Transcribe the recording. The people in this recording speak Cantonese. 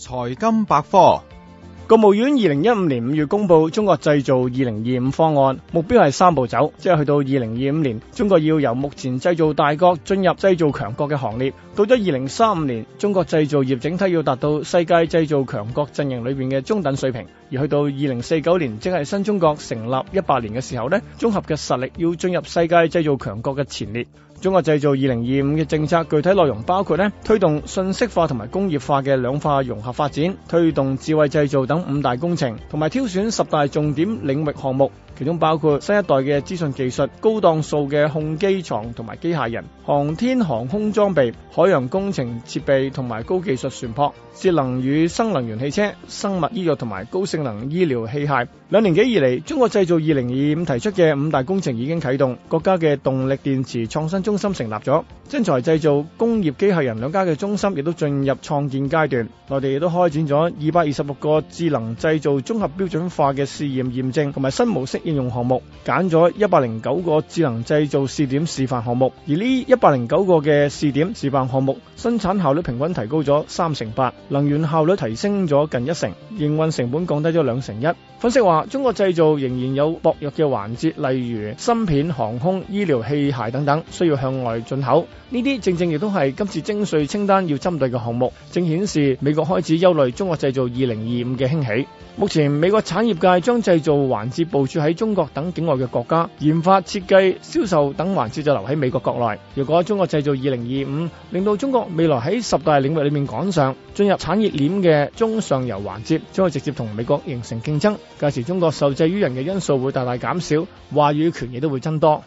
財金百科，國務院二零一五年五月公布《中國製造二零二五》方案，目標係三步走，即係去到二零二五年，中國要由目前製造大國進入製造強國嘅行列；到咗二零三五年，中國製造業整體要達到世界製造強國陣營裏邊嘅中等水平；而去到二零四九年，即係新中國成立一百年嘅時候呢，綜合嘅實力要進入世界製造強國嘅前列。中國製造2025嘅政策具體內容包括咧，推動信息化同埋工業化嘅兩化融合發展，推動智慧製造等五大工程，同埋挑選十大重點領域項目。其中包括新一代嘅資訊技術、高檔數嘅控機床同埋機械人、航天航空裝備、海洋工程設備同埋高技術船舶、智能與新能源汽車、生物醫藥同埋高性能醫療器械。兩年幾以嚟，中國製造2025提出嘅五大工程已經啟動，國家嘅動力電池創新中心成立咗，增材製造、工業機械人兩家嘅中心亦都進入創建階段。內地亦都開展咗二百二十六個智能製造綜合標準化嘅試驗驗證同埋新模式。應用項目揀咗一百零九個智能製造試點示範項目，而呢一百零九個嘅試點示範項目，生產效率平均提高咗三成八，能源效率提升咗近一成，營運成本降低咗兩成一。分析話，中國製造仍然有薄弱嘅環節，例如芯片、航空、醫療器械等等，需要向外進口。呢啲正正亦都係今次徵稅清單要針對嘅項目，正顯示美國開始憂慮中國製造二零二五嘅興起。目前美國產業界將製造環節部署喺中國等境外嘅國家研發、設計、銷售等環節，就留喺美國國內。如果中國製造2025令到中國未來喺十大領域裏面趕上，進入產業鏈嘅中上游環節，將會直接同美國形成競爭。屆時，中國受制於人嘅因素會大大減少，話語權亦都會增多。